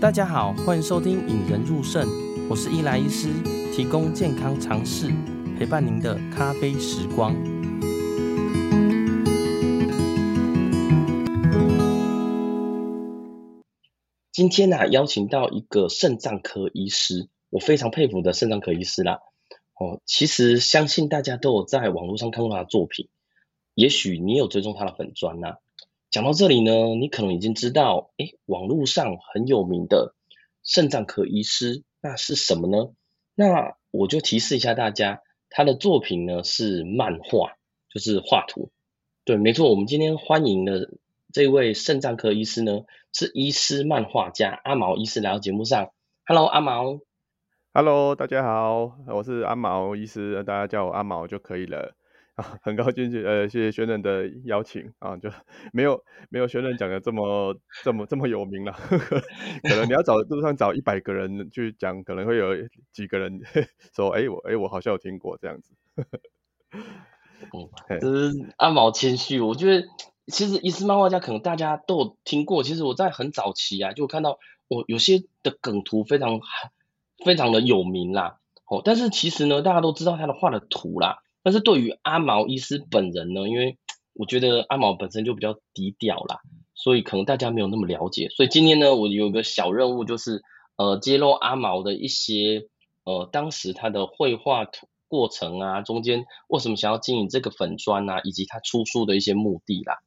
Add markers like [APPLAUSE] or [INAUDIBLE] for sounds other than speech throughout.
大家好，歡迎收聽《引人入腎》，我是伊萊醫師，提供健康常識，陪伴您的咖啡時光。今天呢、啊，邀請到一個腎臟科醫師，我非常佩服的腎臟科醫師啦。哦，其實相信大家都有在網絡上看過他的作品，也許你有追蹤他的粉專啦、啊。講到這裡呢，你可能已經知道，誒，網絡上很有名的腎臟科醫師，那是什麼呢？那我就提示一下大家，他的作品呢是漫畫，就是畫圖。對，沒錯，我們今天歡迎的這位腎臟科醫師呢，是醫師漫畫家阿毛醫師來到節目上。Hello，阿毛。Hello，大家好，我是阿毛醫師，大家叫我阿毛就可以了。啊，很高興，謝呃，謝謝軒任的邀請啊，就沒有沒有軒任講的這麼 [LAUGHS] 這麼這麼有名啦，可能你要找路上找一百個人去講，可能會有幾個人說，哎、欸、我哎、欸、我好像有聽過這樣子。哦，嗯、嘿這是阿毛謙虛，我覺得其實醫師漫畫家可能大家都有聽過。其實我在很早期啊，就看到我、哦、有些的梗圖非常非常的有名啦，哦，但是其實呢，大家都知道他的畫的圖啦。但是對於阿毛醫師本人呢，因為我覺得阿毛本身就比較低調啦，所以可能大家沒有那麼了解。所以今天呢，我有個小任務，就是呃揭露阿毛的一些呃當時他的繪畫圖過程啊，中間為什麼想要經營這個粉專啊，以及他出書的一些目的啦。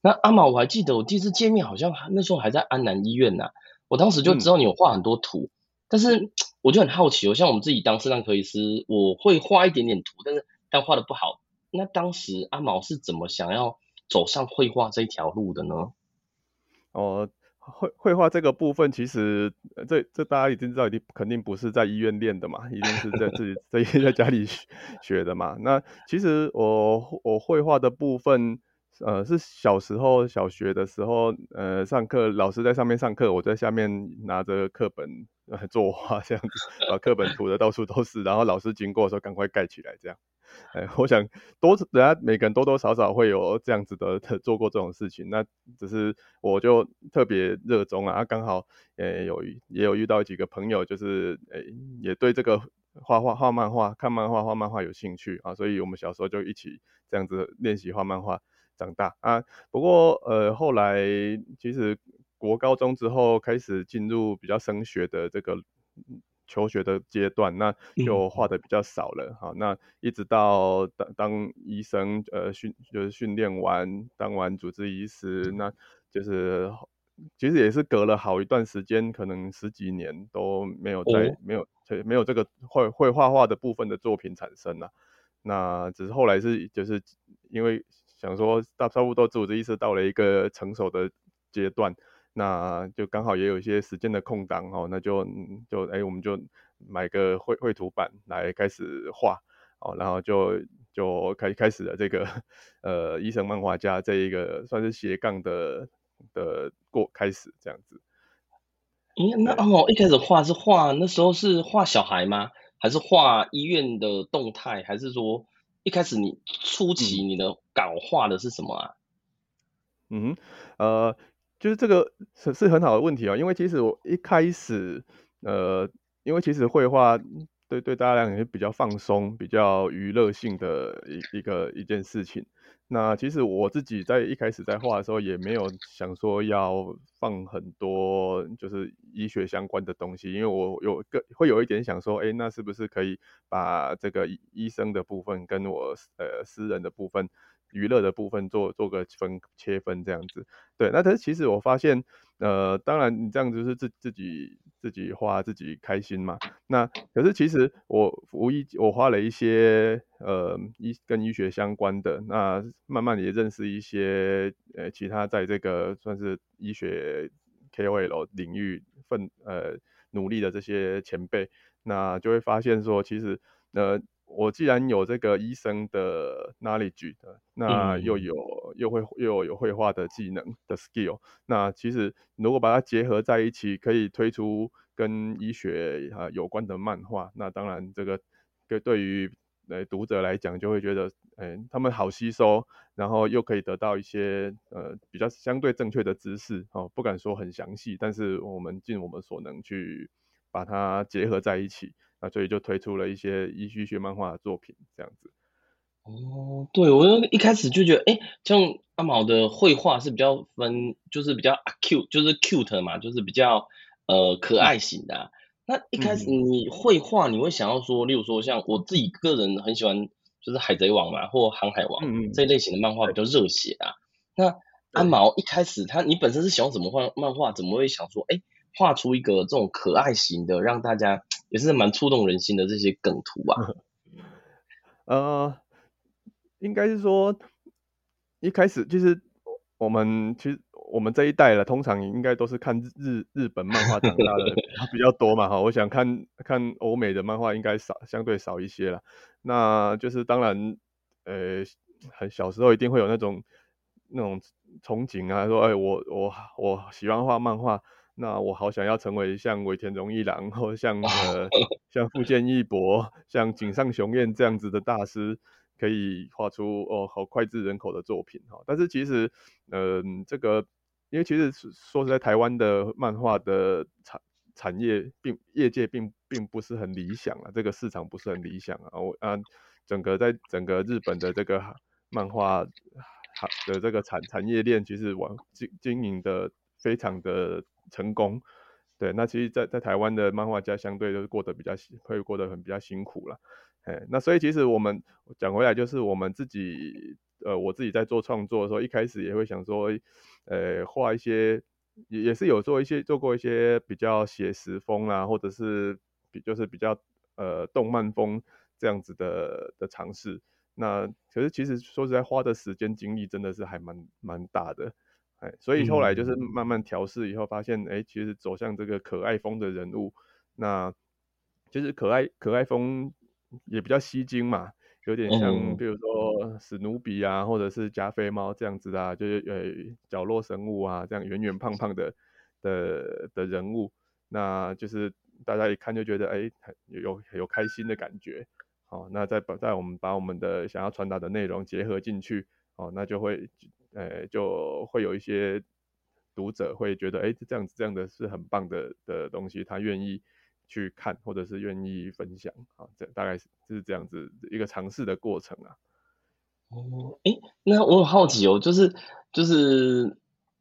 那阿毛我還記得我第一次見面，好像那時候還在安南醫院吶、啊，我當時就知道你有畫很多圖，嗯、但是我就很好奇哦，像我們自己當腎臟科醫師，我會畫一點點圖，但是。但畫得不好，那當時阿毛是怎麼想要走上繪畫這一條路的呢？哦、呃，繪繪畫這個部分，其實、呃、這這大家已經知道，你肯定不是在醫院練的嘛，一定是在自己在 [LAUGHS] 在家裡學，學的嘛。那其實我我繪畫的部分，呃，是小時候小學的時候，呃，上課老師在上面上課，我在下面拿着課本呃作畫，這樣子把課本塗的到處都是， [LAUGHS] 然後老師經過的時候趕快蓋起來，這樣。哎，我想多，人家每個人多多少少會有這樣子的，做過這種事情。那只是我就特別熱衷啊，啊剛好，誒，有也有遇到幾個朋友，就是，誒，也對這個畫畫畫漫畫、看漫畫、畫漫畫有興趣啊，所以我們小時候就一起這樣子練習畫漫畫，長大啊。不過呃後來其實國高中之後開始進入比較升學的這個。求學的階段，那就畫的比較少了，好、嗯啊，那一直到當當醫生，呃訓就是訓練完，當完主治醫師，嗯、那就是其實也是隔了好一段時間，可能十幾年都沒有在、哦、沒有沒有這個會會畫畫的部分的作品產生了、啊，那只是後來是就是因為想說大差不多主治醫師到了一個成熟的階段。那就剛好也有一些時間的空檔哦，那就就哎、欸，我們就買個繪繪圖板來開始畫哦，然後就就開開始了這個呃醫生漫畫家這一個算是斜槓的的過開始這樣子。嗯、欸，來那哦一開始畫是畫那時候是畫小孩嗎？還是畫醫院的動態？還是說一開始你初期你的稿畫的是什麼啊？嗯呃。就是這個是是很好的問題啊、哦，因為其實我一開始，呃，因為其實繪畫對對大家來講也是比較放鬆、比較娛樂性的一一個一件事情。那其實我自己在一開始在畫的時候，也沒有想說要放很多就是醫學相關的東西，因為我有個會有一點想說，哎、欸，那是不是可以把這個醫生的部分跟我呃私人的部分？娛樂的部分做做個分切分這樣子，對，那但是其實我發現，呃，當然你這樣子就是自自己自己花自己開心嘛，那可是其實我無意我花了一些呃醫跟醫學相關的，那慢慢也認識一些呃其他在這個算是醫學 KOL 領域份呃努力的這些前輩，那就會發現說其實呃。我既然有這個醫生的 knowledge，那又有、嗯、又會又有、有繪畫的技能的 skill，那其實如果把它結合在一起，可以推出跟醫學啊有關的漫畫。那當然這個對對於呃讀者來講，就會覺得，嗯、哎，他們好吸收，然後又可以得到一些呃比較相對正確的知識哦。不敢說很詳細，但是我們盡我們所能去把它結合在一起。啊，所以就推出了一些醫學漫畫的作品這樣子。哦，對，我一開始就覺得，哎、欸，像阿毛的繪畫是比較 Q，就是比較 cute，就是 cute 嘛，就是比較呃可愛型的、啊。嗯、那一開始你繪畫，你會想要說，嗯、例如說像我自己個人很喜歡，就是海賊王嘛，或航海王嗯嗯，這類型的漫畫比較熱血啊。對那阿毛一開始他，你本身是喜歡怎麼畫漫畫？怎麼會想說，哎、欸，畫出一個這種可愛型的，讓大家？也是蠻觸動人心的這些梗圖啊，嗯、呃，應該是說一開始就是我們其實我們這一代了，通常應該都是看日日本漫畫長大的比較多嘛哈， [LAUGHS] 我想看看歐美的漫畫應該少相對少一些了，那就是當然呃很小時候一定會有那種那種憧憬啊，說哎、欸、我我我喜歡畫漫畫。那我好想要成為像尾田榮一郎或像呃像富堅義博、像井上雄彦這樣子的大師，可以畫出哦好膾炙人口的作品哈。但是其實嗯、呃，這個，因為其實說實在，台灣的漫畫的產產業並業界並並不是很理想啊，這個市場不是很理想啊。我啊，整個在整個日本的這個漫畫行的這個產產業鏈其實往經經營的非常的。成功，對，那其實在，在在台灣的漫畫家相對就是過得比較會過得很比較辛苦了，哎，那所以其實我們講回來，就是我們自己，呃，我自己在做創作的時候，一開始也會想說，呃，畫一些，也也是有做一些做過一些比較寫實風啦、啊，或者是比就是比較呃動漫風這樣子的的嘗試，那可是其實說實在，花的時間精力真的是還蠻蠻大的。所以後來就是慢慢調試以後，發現、嗯、哎，其實走向這個可愛風的人物，那其實、就是、可愛可愛風也比較吸睛嘛，有點像、嗯、比如說史努比啊，或者是加菲貓這樣子啊，就是呃、哎、角落生物啊這樣圓圓胖胖的的的人物，那就是大家一看就覺得哎有有、有開心的感覺，好、哦，那在在我們把我們的想要傳達的內容結合進去，哦，那就會。誒，就會有一些讀者會覺得，哎，這樣子這樣的是很棒的的東西，他願意去看，或者是願意分享，啊，這大概是是這樣子一個嘗試的過程啊。哦，哎，那我很好奇哦，就是就是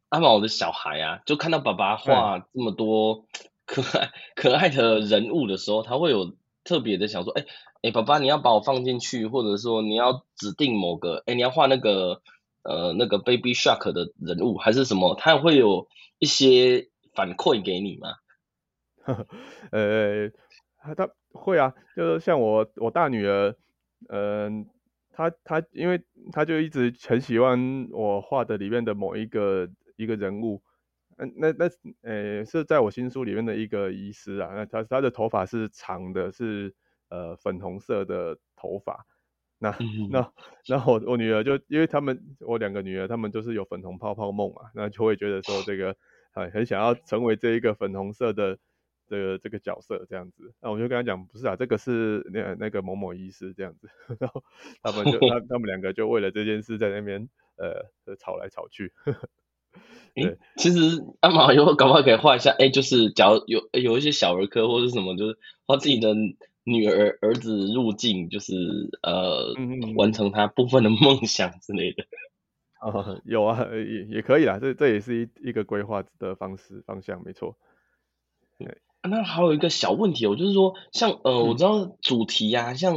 阿毛的小孩啊，就看到爸爸畫這麼多可愛對可愛的人物的時候，他會有特別的想說，哎哎，爸爸你要把我放進去，或者說你要指定某個，哎，你要畫那個。呃，那個 Baby Shark 的人物，還是什麼，他會有一些反饋給你嗎？呵呵呃，他他會啊，就是像我我大女兒，嗯、呃，她她因為她就一直很喜歡我畫的裡面的某一個一個人物，嗯、呃，那那呃是在我新書裡面的一個醫師啊，那他他的頭髮是長的，是呃粉紅色的頭髮。那、嗯、哼那那我我女兒就因為他們，我兩個女兒他們都是有粉紅泡泡夢嘛，那就會覺得說這個很很想要成為這一個粉紅色的這個這個角色這樣子，那我就跟她講不是啊，這個是那那個某某醫師這樣子， [LAUGHS] 然後他們就他他們兩個就為了這件事在那邊 [LAUGHS] 呃吵來吵去。 [LAUGHS] 對，其實阿毛以後趕忙可以畫一下，哎、欸，就是假如有有一些小兒科或者什麼，就是畫自己的。女兒、兒子入境，就是呃，嗯嗯嗯完成他部分的夢想之類的。啊、呃，有啊，也也可以啦，這這也是一一個規劃的方式方向，沒錯、啊。那還有一個小問題哦，我就是說，像呃，我知道主題呀、啊，嗯、像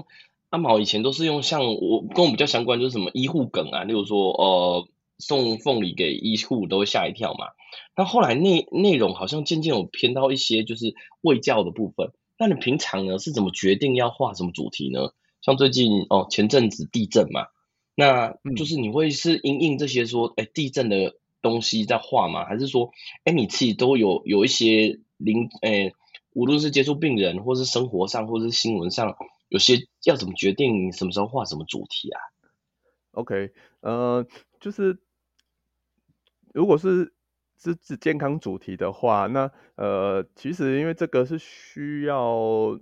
阿、啊、毛以前都是用像我跟我們比較相關，就是什麼醫護梗啊，例如說呃，送鳳梨給醫護都會嚇一跳嘛。但後來內內容好像漸漸有偏到一些就是衛教的部分。那你平常呢，是怎麼決定要畫什麼主題呢？像最近哦，前陣子地震嘛，那就是你會是因應這些說哎、欸、地震的東西在畫嗎？還是說哎、欸、你自己都有有一些靈，哎、欸、無論是接觸病人，或是生活上，或者是新聞上，有些要怎麼決定什麼時候畫什麼主題啊？OK，呃，就是如果是。是持健康主題的話，那呃，其實因為這個是需要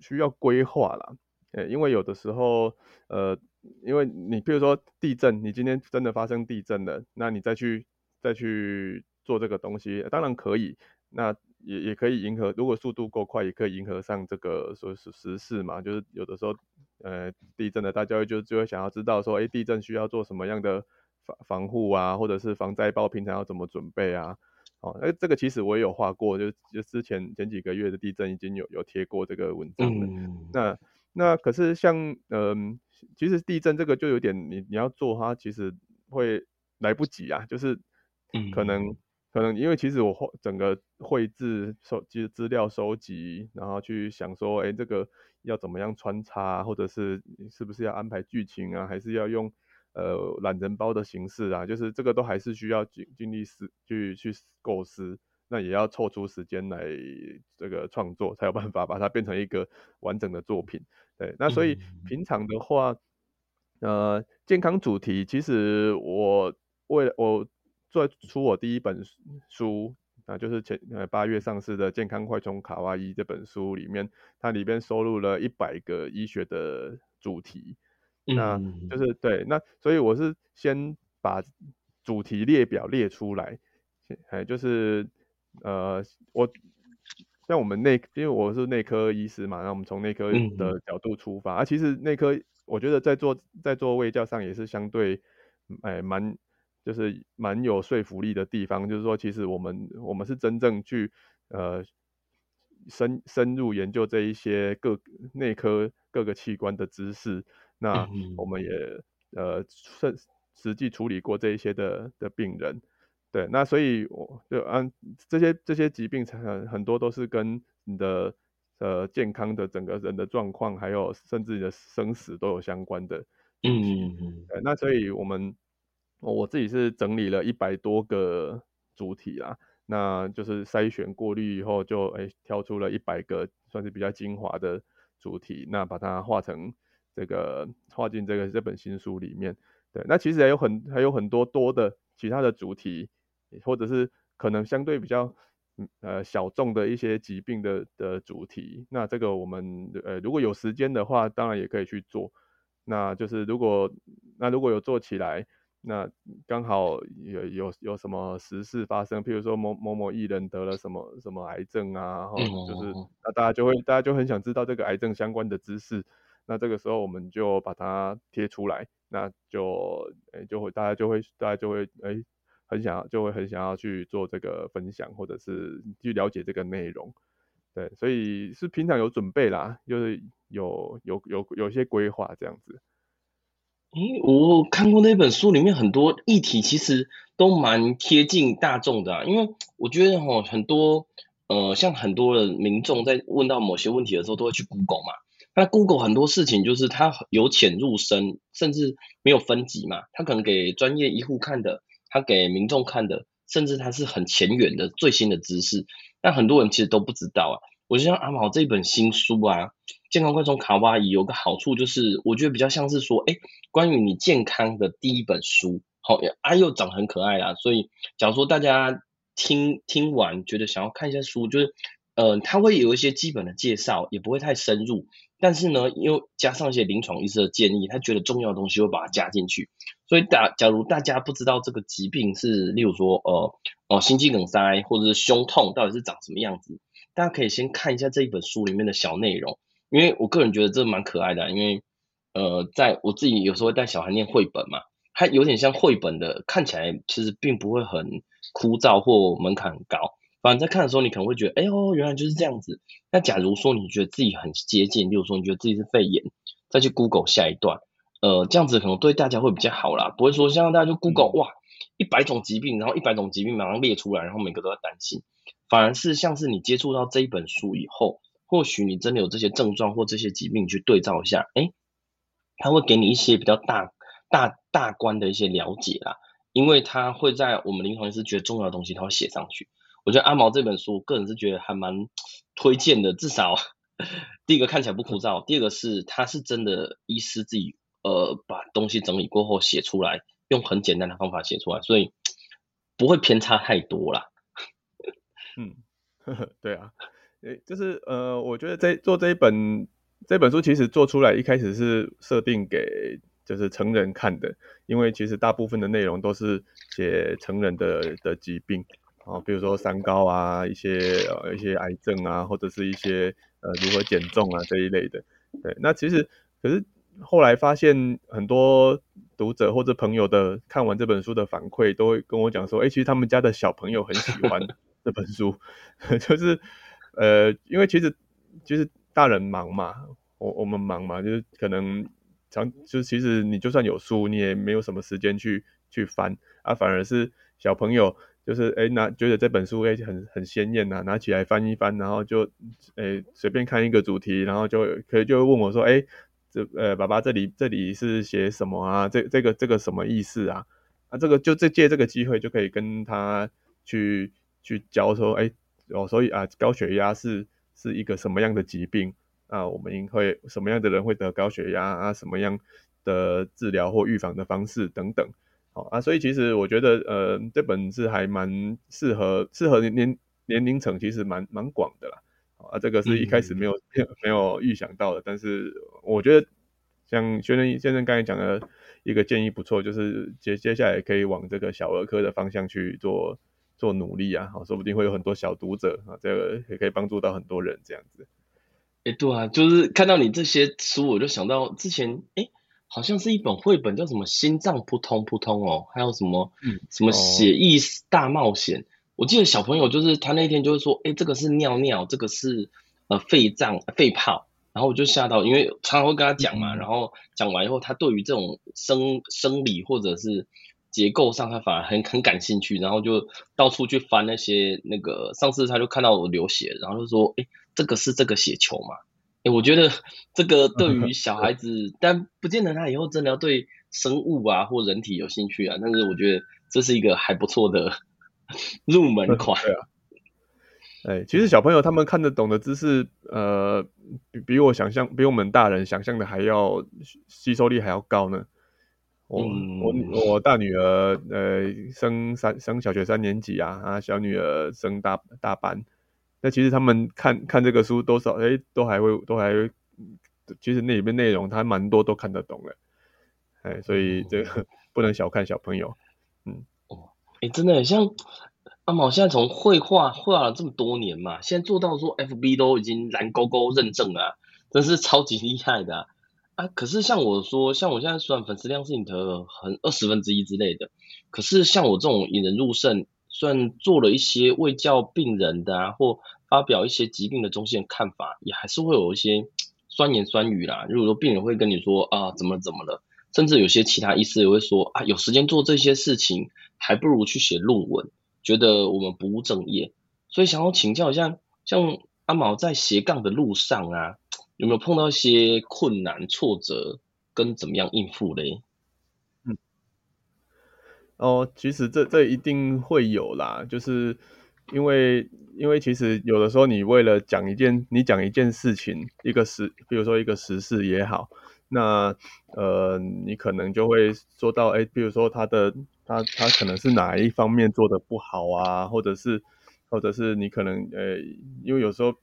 需要規劃啦，呃、欸，因為有的時候，呃，因為你比如說地震，你今天真的發生地震了，那你再去再去做這個東西，呃、當然可以，那也也可以迎合，如果速度夠快，也可以迎合上這個所謂時事嘛，就是有的時候，呃，地震了，大家就會就，就會想要知道說，哎、欸，地震需要做什麼樣的。防防護啊，或者是防災包，平常要怎麼準備啊？哦，那、欸、這個其實我也有畫過，就就之前前幾個月的地震已經有有貼過這個文章了。嗯、那那可是像嗯、呃，其實地震這個就有點你你要做它，其實會來不及啊。就是可能、嗯、可能因為其實我畫整個繪製收其實資料收集，然後去想說，哎、欸，這個要怎麼樣穿插，或者是是不是要安排劇情啊，還是要用？呃，懶人包的形式啊，就是這個都還是需要盡盡力思去去構思，那也要抽出時間來這個創作，才有辦法把它變成一個完整的作品。對，那所以平常的話，嗯嗯呃，健康主題其實我為我最初我第一本書啊，那就是前呃八月上市的《健康快充卡哇醫》這本書裡面，它裡邊收錄了一百個醫學的主題。 [NOISE] 那就是對，那所以我是先把主題列表列出來，哎，就是呃，我像我們內，因為我是內科醫師嘛，那我們從內科的角度出發。 [NOISE] 啊，其實內科我覺得在做在做衛教上也是相對，哎，蠻就是蠻有說服力的地方。就是說，其實我們我們是真正去呃深深入研究這一些各內科各個器官的知識。那我們也、嗯、哼呃，實實際處理過這一些的的病人，對，那所以我就按、啊、這些這些疾病，很、呃、很多都是跟你的呃健康的整個人的狀況，還有甚至你的生死都有相關的。嗯哼對，那所以我們我自己是整理了一百多個主題啦，那就是篩選過濾以後就，就、欸、哎挑出了一百個算是比較精華的主題，那把它畫成，這個畫進這個這本新書裡面，對，那其實也有很還有很多多的其他的主題，或者是可能相對比較呃小眾的一些疾病的的主題。那這個我們呃如果有時間的話，當然也可以去做。那就是如果那如果有做起來，那剛好有有有什麼時事發生，譬如說某某某藝人得了什麼什麼癌症啊，然後就是那大家就會大家就很想知道這個癌症相關的知識。那這個時候我們就把它貼出來，那就、欸、就會大家就會大家就會哎、欸，很想要就會很想要去做這個分享，或者是去了解這個內容，對，所以是平常有準備啦，就是有有有有一些規劃這樣子。誒、欸，我看過那本書裡面很多議題其實都蠻貼近大眾的、啊，因為我覺得哈很多呃像很多的民眾在問到某些問題的時候都會去 Google 嘛。那 Google 很多事情就是它由淺入深，甚至沒有分級嘛。它可能給專業醫護看的，它給民眾看的，甚至它是很前沿的最新的知識。那很多人其實都不知道啊。我就像阿、啊、毛這一本新書啊，《健康快充卡哇醫》有個好處就是，我覺得比較像是說，哎，關於你健康的第一本書。好、哦，阿、啊、又長得很可愛啊，所以假如說大家聽聽完，覺得想要看一下書，就是，嗯、呃，它會有一些基本的介紹，也不會太深入。但是呢，又加上一些臨床醫生的建議，他覺得重要的東西會把它加進去。所以大假如大家不知道這個疾病是，例如說，呃，哦、呃，心肌梗塞或者是胸痛到底是長什麼樣子，大家可以先看一下這一本書裡面的小內容，因為我個人覺得這蠻可愛的，因為呃，在我自己有時候會帶小孩念繪本嘛，它有點像繪本的，看起來其實並不會很枯燥或門檻很高。反正在看的時候，你可能會覺得，哎呦，原來就是這樣子。那假如說你覺得自己很接近，例如說你覺得自己是肺炎，再去 Google 下一段，呃，這樣子可能對大家會比較好啦，不會說像大家就 Google 哇一百種疾病，然後一百種疾病馬上列出來，然後每個都要擔心。反而是像是你接觸到這一本書以後，或許你真的有這些症狀或這些疾病，去對照一下，哎，他會給你一些比較大大大觀的一些了解啦，因為他會在我們臨床醫師覺得重要的東西，他會寫上去。我覺得阿毛這本書，我個人是覺得還蠻推薦的。至少第一個看起來不枯燥，第二個是他是真的醫師自己呃把東西整理過後寫出來，用很簡單的方法寫出來，所以不會偏差太多啦。嗯，對啊，哎，就是呃，我覺得這做這一本這本書其實做出來一開始是設定給就是成人看的，因為其實大部分的內容都是寫成人的的疾病。啊、哦，比如說三高啊，一些，哦、一些癌症啊，或者是一些呃如何減重啊這一類的，對。那其實可是後來發現，很多讀者或者朋友的看完這本書的反饋，都會跟我講說，哎，其實他們家的小朋友很喜歡這本書， [LAUGHS] [LAUGHS] 就是呃，因為其實就是大人忙嘛，我我們忙嘛，就是可能常，就其實你就算有書，你也沒有什麼時間去去翻啊，反而是小朋友。就是哎、欸，拿覺得這本書誒、欸、很很鮮艷吶、啊，拿起來翻一翻，然後就，哎、欸、隨便看一個主題，然後就可以就問我說，哎、欸，這呃爸爸這裡這裡是寫什麼啊？這這個這個什麼意思啊？啊這個就這借這個機會就可以跟他去去教說，哎、欸、哦所以啊高血壓是是一個什麼樣的疾病啊？我們會什麼樣的人會得高血壓啊？什麼樣的治療或預防的方式等等。好啊，所以其實我覺得，呃，這本是還蠻適合適合年年年齡層，其實蠻蠻廣的啦。好啊，這個是一開始沒有、嗯、沒有預想到的，嗯，但是我覺得像薛仁先生剛才講的一個建議不錯，就是接接下來可以往這個小兒科的方向去做做努力啊，好，說不定會有很多小讀者啊，這個也可以幫助到很多人這樣子。哎，對啊，就是看到你這些書，我就想到之前誒好像是一本繪本，叫什麼《心臟撲通撲通》哦，還有什麼什麼《血液大冒險》嗯。哦、我記得小朋友就是他那天就是說，哎、欸，這個是尿尿，這個是呃肺臟肺泡。然後我就嚇到，因為常常會跟他講嘛，嗯、然後講完以後，他對於這種生生理或者是結構上，他反而很很感興趣，然後就到處去翻那些那個。上次他就看到我流血，然後就說，哎、欸，這個是這個血球嘛。哎，我覺得這個對於小孩子，嗯、但不見得他以後真的要對生物啊或人體有興趣啊。但是我覺得這是一個還不錯的入門款、嗯、啊。哎，其實小朋友他們看得懂的知識，呃，比比我想象比我們大人想象的還要吸收力還要高呢。我、嗯、我我大女兒呃，升三升小學三年級啊，啊，小女兒升大大班。那其實他們看看這個書多少，哎，都還會，都還會，其實那裡面內容他蠻多都看得懂的，哎，所以這個不能小看小朋友，嗯，哦、嗯，哎，真的像阿毛、啊、現在從繪畫畫了這麼多年嘛，現在做到說 FB 都已經藍勾勾認證了、啊，真是超級厲害的啊,啊！可是像我說，像我現在算粉絲量是你的很二十分之一之類的，可是像我這種引人入腎。算做了一些衛教病人的啊，或發表一些疾病的中心的看法，也還是會有一些酸言酸語啦。如果說病人會跟你說啊，怎麼怎麼了，甚至有些其他醫師也會說啊，有時間做這些事情，還不如去寫論文，覺得我們不務正業。所以想要請教一下，像阿毛在斜槓的路上啊，有沒有碰到一些困難、挫折，跟怎麼樣應付呢？哦，其實這這一定會有啦，就是因為因為其實有的時候你為了講一件你講一件事情一個時，比如說一個時事也好，那呃你可能就會說到，哎，比如說他的他他可能是哪一方面做得不好啊，或者是或者是你可能呃，因為有時候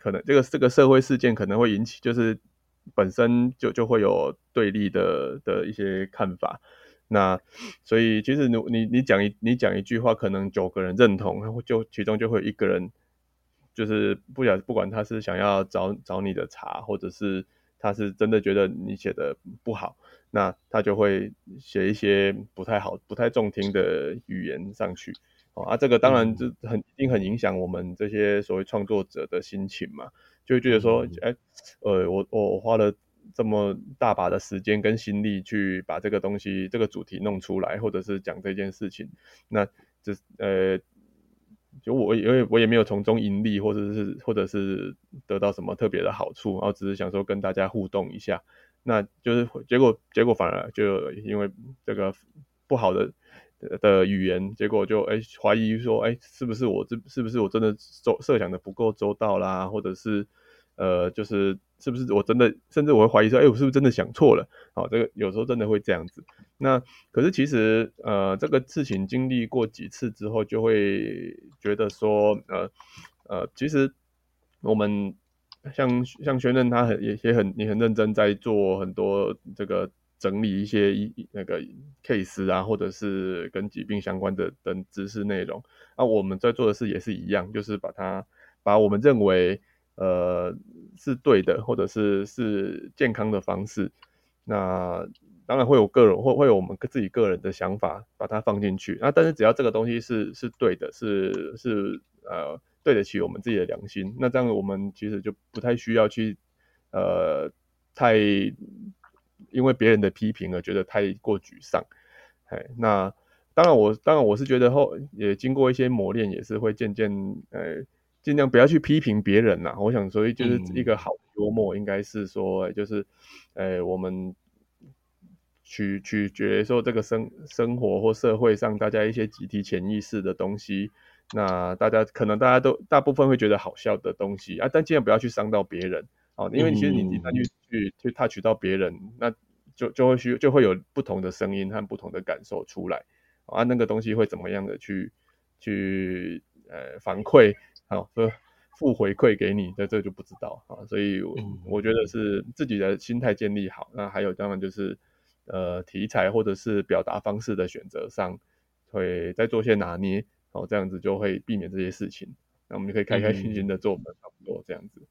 可能這個這個社會事件可能會引起，就是本身就就會有對立的的一些看法。那所以其實你你你講一你講一句話，可能九個人認同，就其中就會有一個人，就是不想不管他是想要找找你的茬，或者是他是真的覺得你寫的不好，那他就會寫一些不太好、不太中聽的語言上去。哦、啊，這個當然就很一定很影響我們這些所謂創作者的心情嘛，就會覺得說，哎、欸，呃，我我我花了。這麼大把的時間跟心力去把這個東西、這個主題弄出來，或者是講這件事情，那這呃，就我因為我也沒有從中盈利，或者是或者是得到什麼特別的好處，然後只是想說跟大家互動一下，那就是結果，結果反而就因為這個不好的的語言，結果就誒懷疑說，誒是不是我這是不是我真的受設想的不夠周到啦，或者是？呃，就是是不是我真的，甚至我會懷疑說，哎、欸，我是不是真的想錯了？好，這個有時候真的會這樣子。那可是其實，呃，這個事情經歷過幾次之後，就會覺得說，呃呃，其實我們像像軒任他很也也很你很認真在做很多這個整理一些一那個 case 啊，或者是跟疾病相關的等知識內容。那、啊、我們在做的事也是一樣，就是把它把我們認為。呃，是對的，或者是是健康的方式，那當然會有個人，會會有我們自己個人的想法，把它放進去。那但是只要這個東西是是對的，是是呃對得起我們自己的良心，那這樣我們其實就不太需要去呃太因為別人的批評而覺得太過沮喪。嘿，那當然我當然我是覺得後也經過一些磨練，也是會漸漸呃。盡量不要去批評別人吶、啊。我想，所以就是一個好幽默，應該是說，嗯、就是，誒、欸，我們取取決說這個生生活或社會上大家一些集體潛意識的東西。那大家可能大家都大部分會覺得好笑的東西啊，但盡量不要去傷到別人啊，因為其實你經常去、嗯、去去 touch 到別人，那就就會需就會有不同的聲音和不同的感受出來啊。那個東西會怎麼樣的去去呃反饋？好，說負回饋給你，在這就不知道啊，所以我覺得是自己的心態建立好，那還有當然就是，呃題材或者是表達方式的選擇上，會再做些拿捏，然、哦、後這樣子就會避免這些事情，那我們就可以開開心心的做、嗯、差不多這樣子。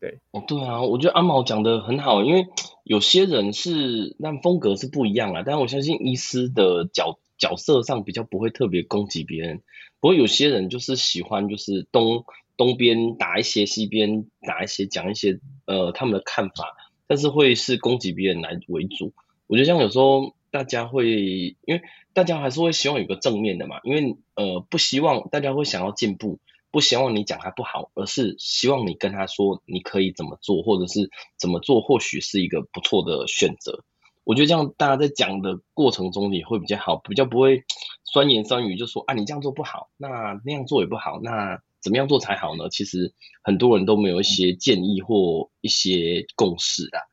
對，哦對啊，我覺得阿毛講得很好，因為有些人是那風格是不一樣啊，但是我相信醫師的角角色上比較不會特別攻擊別人，不過有些人就是喜歡就是東東邊打一些西，西邊打一些，講一些呃他們的看法，但是會是攻擊別人來為主。我覺得像有時候大家會，因為大家還是會希望有個正面的嘛，因為呃不希望大家會想要進步，不希望你講他不好，而是希望你跟他說你可以怎麼做，或者是怎麼做或許是一個不錯的選擇。我覺得這樣大家在講的過程中也會比較好，比較不會酸言酸語，就說啊你這樣做不好，那那樣做也不好，那怎麼樣做才好呢？其實很多人都沒有一些建議或一些共識啊。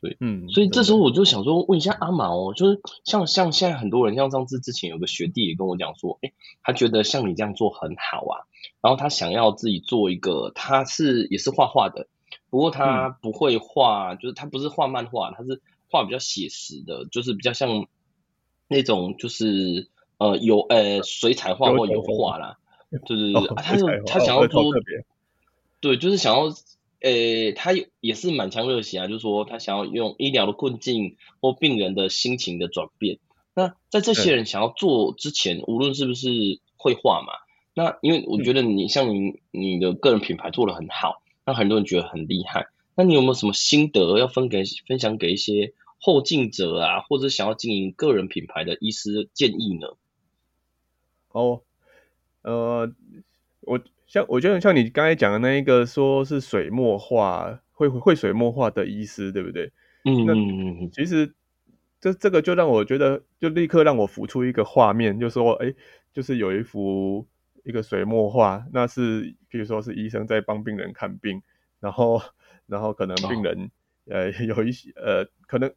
對，嗯，所以這時候我就想說問一下阿毛哦，就是像像現在很多人，像上次之前有個學弟也跟我講說，誒，他覺得像你這樣做很好啊，然後他想要自己做一個，他是也是畫畫的，不過他不會畫，嗯，就是他不是畫漫畫，他是。畫比較寫實的，就是比較像那種，就是呃，有呃、欸，水彩畫或油畫啦，酒就是酒、啊、他就他想要做，特對，就是想要呃、欸，他也是滿腔熱血啊，就是說他想要用醫療的困境或病人的心情的轉變。那在這些人想要做之前，對無論是不是繪畫嘛，那因為我覺得你像你，、嗯、你的個人品牌做得很好，那很多人覺得很厲害。那你有沒有什麼心得要分給分享給一些後進者啊，或者想要經營個人品牌的醫師建議呢？哦，oh, 呃，我像我覺得像你剛才講的那一個，說是水墨畫，會會水墨畫的醫師，對不對？嗯、mm hmm. 那其實這這個就讓我覺得，就立刻讓我浮出一個畫面，就說，哎、欸，就是有一幅一個水墨畫，那是比如說是醫生在幫病人看病，然後。然後可能病人，oh. 呃，有一些呃，可能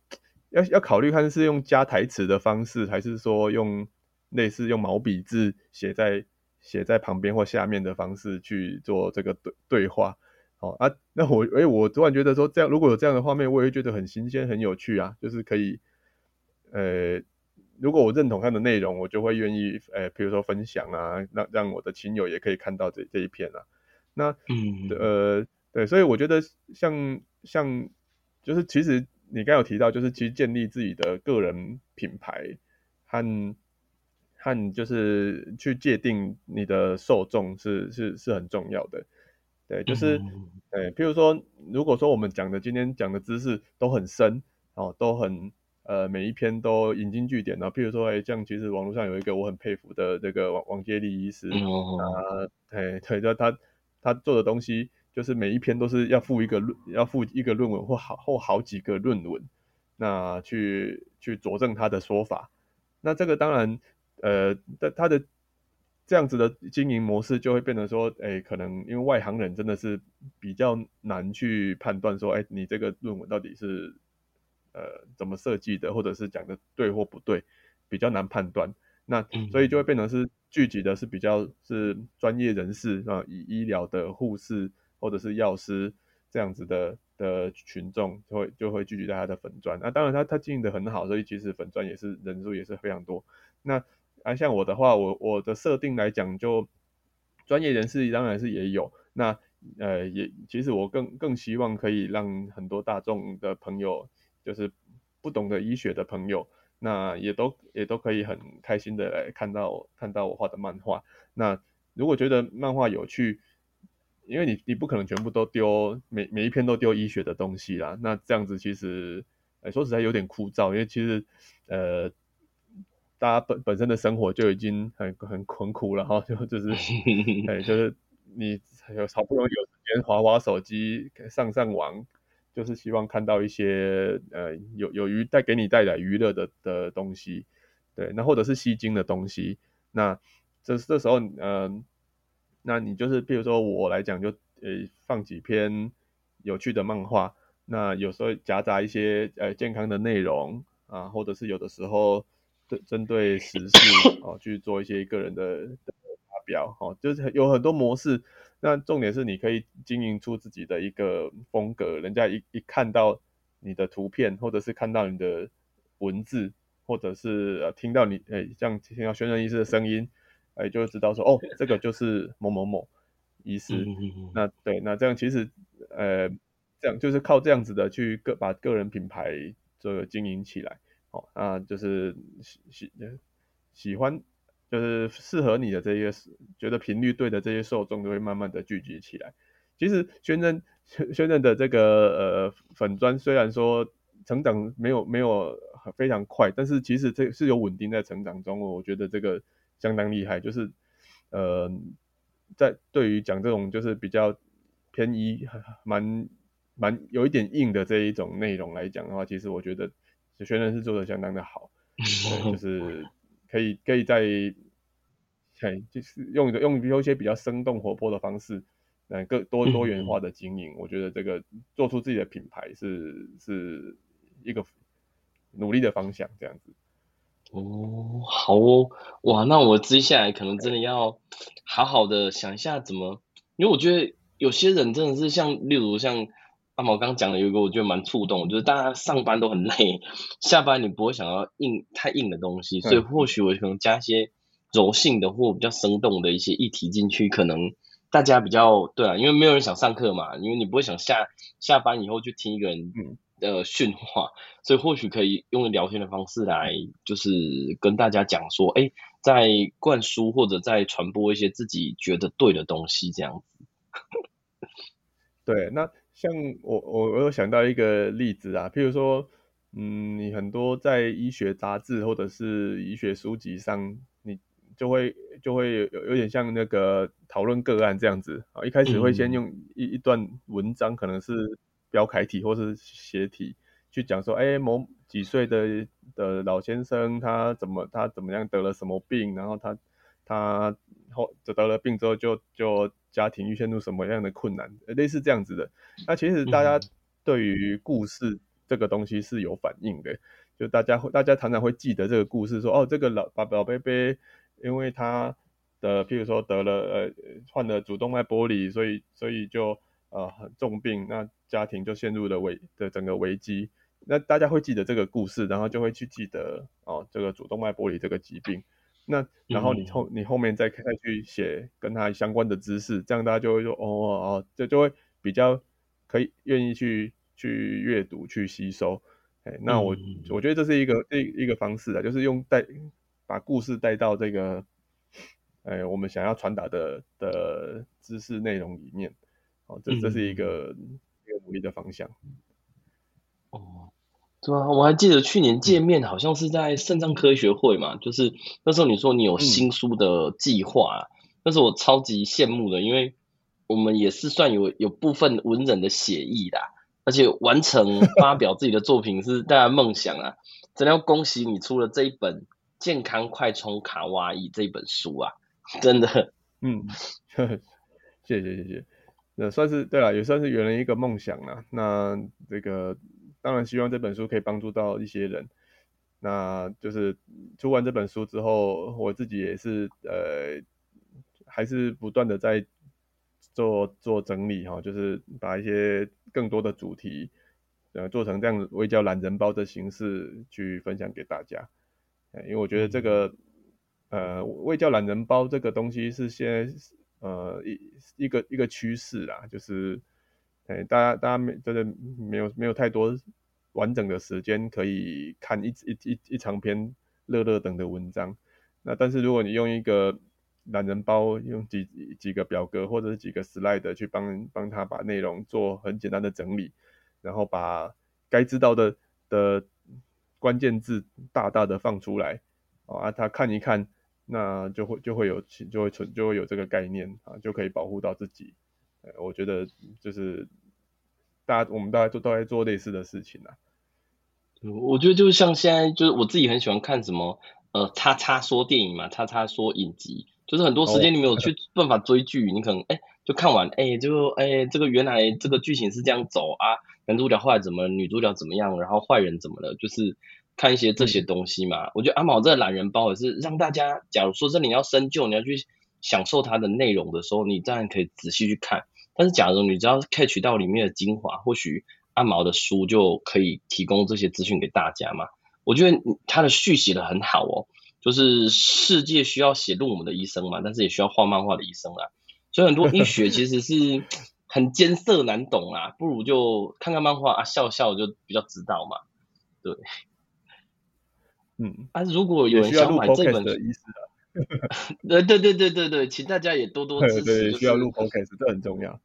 要要考慮看是用加台詞的方式，還是說用類似用毛筆字寫在寫在旁邊或下面的方式去做這個對對話。好啊，那我、欸、我突然覺得說這樣，如果有這樣的畫面，我也會覺得很新鮮、很有趣啊。就是可以，呃，如果我認同它的內容，我就會願意，呃，譬如說分享啊，讓讓我的親友也可以看到這這一篇啊。那，嗯、mm，hmm. 呃。對，所以我覺得像像就是，其實你剛才有提到，就是其實建立自己的個人品牌和和就是去界定你的受眾是是是很重要的。對，就是對、嗯，譬如說，如果說我們講的今天講的知識都很深哦，都很呃，每一篇都引經據典的。然後譬如說，哎，像其實網絡上有一個我很佩服的這個王王杰利醫師、嗯、啊，對的，就他他做的東西。就是每一篇都是要附一個論，要附一個論文或好或好幾個論文，那去去佐證他的說法。那這個當然，呃，的他的這樣子的經營模式就會變成說，哎、欸，可能因為外行人真的是比較難去判斷說，哎、欸，你這個論文到底是呃怎麼設計的，或者是講的對或不對，比較難判斷。那所以就會變成是聚集的是比較是專業人士啊，以醫療的護士。或者是藥師這樣子的的群眾，就會就會聚集在他的粉專那、啊、當然他，他他經營的很好，所以其實粉專也是人數也是非常多。那啊，像我的話，我我的設定來講，就專業人士當然是也有。那呃，也其實我更更希望可以讓很多大眾的朋友，就是不懂得醫學的朋友，那也都也都可以很開心的來看到我看到我畫的漫畫。那如果覺得漫畫有趣，因為你你不可能全部都丟，每每一篇都丟醫學的東西啦。那這樣子其實，哎，說實在有點枯燥。因為其實，呃，大家本本身的生活就已經很很困苦了哈、哦，就就是，哎，就是你有好不容易有時間滑滑手機、上上網，就是希望看到一些呃有有娛帶給你帶來娛樂的的東西，對，那或者是吸睛的東西，那這這時候嗯。呃那你就是，比如說我來講，就呃、欸、放幾篇有趣的漫畫，那有時候夾雜一些呃、欸、健康的內容啊，或者是有的時候針針對時事哦、啊、去做一些個人的發表，哈、啊，就是有很多模式。那重點是你可以經營出自己的一個風格，人家一一看到你的圖片，或者是看到你的文字，或者是呃、啊、聽到你哎、欸、像聽到宣傳醫師的聲音。哎，就知道說哦，這個就是某某某醫師。嗯嗯嗯，那對，那這樣其實，呃，這樣就是靠這樣子的去個把個人品牌這個經營起來。好、哦，啊，就是喜喜喜歡，就是適合你的這些覺得頻率對的這些受眾就會慢慢的聚集起來。其實軒，軒任軒軒任的這個呃粉專雖然說成長沒有沒有非常快，但是其實這是有穩定在成長中。我覺得這個。相當厲害，就是呃，在對於講這種就是比較偏醫蠻蠻，蠻有一點硬的這一種內容來講的話，其實我覺得學人是做得相當的好， [LAUGHS] 就是可以可以在哎，就是用一個用一些比較生動活潑的方式，那個多多元化的經營，嗯、哼我覺得這個做出自己的品牌是是一個努力的方向，這樣子。哦，oh, 好哦。哇，那我接下來可能真的要好好的想一下怎麼，Okay. 因為我覺得有些人真的是像，例如像阿毛、啊、剛剛講的有一個，我覺得蠻觸動，就是大家上班都很累，下班你不會想要硬，太硬的東西，所以或許我可能加一些柔性的或者比較生動的一些議題進去，可能大家比較，對啊，因為沒有人想上課嘛，因為你不會想下下班以後就聽一個人。嗯的馴化，所以或許可以用聊天的方式來，就是跟大家講說，哎、欸，在灌輸或者在傳播一些自己覺得對的東西，這樣子。對，那像我我我有想到一個例子啊，譬如說，嗯，你很多在醫學雜誌或者是醫學書籍上，你就會就會有有點像那個討論個案這樣子啊，一開始會先用一、嗯、一段文章，可能是。標楷體或是斜體去講說，哎，某幾歲的的老先生，他怎麼他怎麼樣得了什麼病，然後他他或者得了病之後就，就就家庭遇現出什麼樣的困難，類似這樣子的。那其實大家對於故事這個東西是有反應的，嗯、就大家大家常常會記得這個故事說，說哦，這個老老伯伯，因為他的譬如說得了呃患了主動脈剝離，所以所以就呃很重病那。家庭就陷入了危的整個危機，那大家會記得這個故事，然後就會去記得哦，這個主動脈剝離這個疾病，那然後你後、嗯、你後面再再去寫跟他相關的知識，這樣大家就會說哦哦，就就會比較可以願意去去閱讀去吸收。哎，那我、嗯、我覺得這是一個一個一個方式啊，就是用帶把故事帶到這個哎我們想要傳達的的知識內容裡面，哦，這這是一個。嗯努力的方向。哦，對啊，我還記得去年見面，好像是在腎臟科學會嘛，就是那時候你說你有新書的計劃，啊，嗯、那是我超級羨慕的，因為我們也是算有有部分文人的寫意的，而且完成發表自己的作品是大家夢想啊，真的 [LAUGHS] 要恭喜你出了這一本《健康快充卡哇醫》這一本書啊，真的，嗯，謝謝謝謝。也算是對了，也算是圓了一個夢想啦。那這個當然希望這本書可以幫助到一些人。那就是出完這本書之後，我自己也是呃，還是不斷的在做做整理哈，就是把一些更多的主題呃做成這樣子衛教懶人包的形式去分享給大家。因為我覺得這個、嗯、呃衛教懶人包這個東西是現在，呃，一個一個一個趨勢啦，就是，哎、欸，大家大家沒真的沒有沒有太多完整的時間可以看一一一一長篇落落長的文章。那但是如果你用一個懶人包，用幾幾個表格或者是幾個 slide 去幫幫他把內容做很簡單的整理，然後把該知道的的關鍵字大大的放出來，哦、啊，他看一看，那就會就會有就會存就會有這個概念啊，就可以保護到自己。我覺得就是大家我們大家都在都在做類似的事情啊。我覺得就像現在，就是我自己很喜歡看什麼呃，叉叉說電影嘛，叉叉說影集，就是很多時間你沒有去辦法追劇，oh. 你可能哎就看完哎就哎這個原來這個劇情是這樣走啊，男主角後來怎麼，女主角怎麼樣，然後壞人怎麼了，就是。看一些這些東西嘛，嗯、我覺得阿毛這個懶人包也是讓大家，假如說這裡你要深究，你要去享受它的內容的時候，你當然可以仔細去看。但是假如你只要 catch 到裡面的精華，或許阿毛的書就可以提供這些資訊給大家嘛。我覺得他的序寫的很好哦，就是世界需要寫論文的醫生嘛，但是也需要畫漫畫的醫生啊。所以很多醫學其實是很艱澀難懂啊， [LAUGHS] 不如就看看漫畫啊，笑笑就比較知道嘛。對。嗯，啊，如果有人想買這本的，的意思啊，對、 [LAUGHS] 呃、對對對對對，請大家也多多支持、就是對。對，需要入口 o d 這很重要，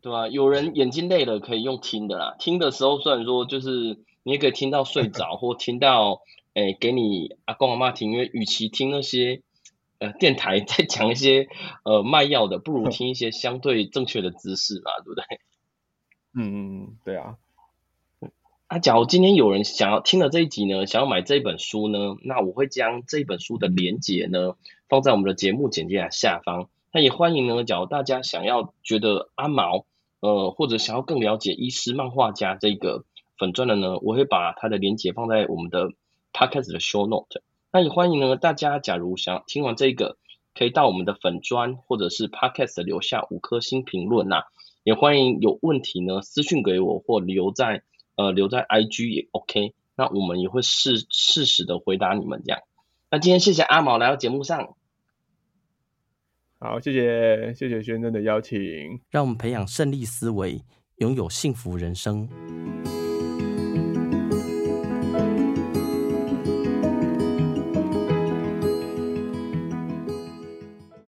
對吧，啊。有人眼睛累了可以用聽的啦，聽的時候雖然說就是你也可以聽到睡着 [LAUGHS] 或聽到，哎，給你阿公阿媽聽，因為與其聽那些、呃、電台在講一些呃賣藥的，不如聽一些相對正確的知識嘛，對不對？嗯嗯，對啊。那、啊、假如今天有人想要聽了這一集呢，想要買這一本書呢，那我會將這本書的鏈接呢放在我們的節目簡介下方。那也歡迎呢，假如大家想要覺得阿毛呃或者想要更了解醫師漫畫家這個粉專的呢，我會把它的鏈接放在我們的 podcast 的 show note。那也歡迎呢大家，假如想聽完這個，可以到我們的粉專或者是 podcast 留下五顆星評論吶。也歡迎有問題呢私訊給我或留在。呃，留在 IG 也 OK，那我們也會適適時的回答你們這樣。那今天謝謝阿毛來到節目上，好，謝謝謝謝軒正的邀請，讓我們培養腎利思維，擁有幸福人生。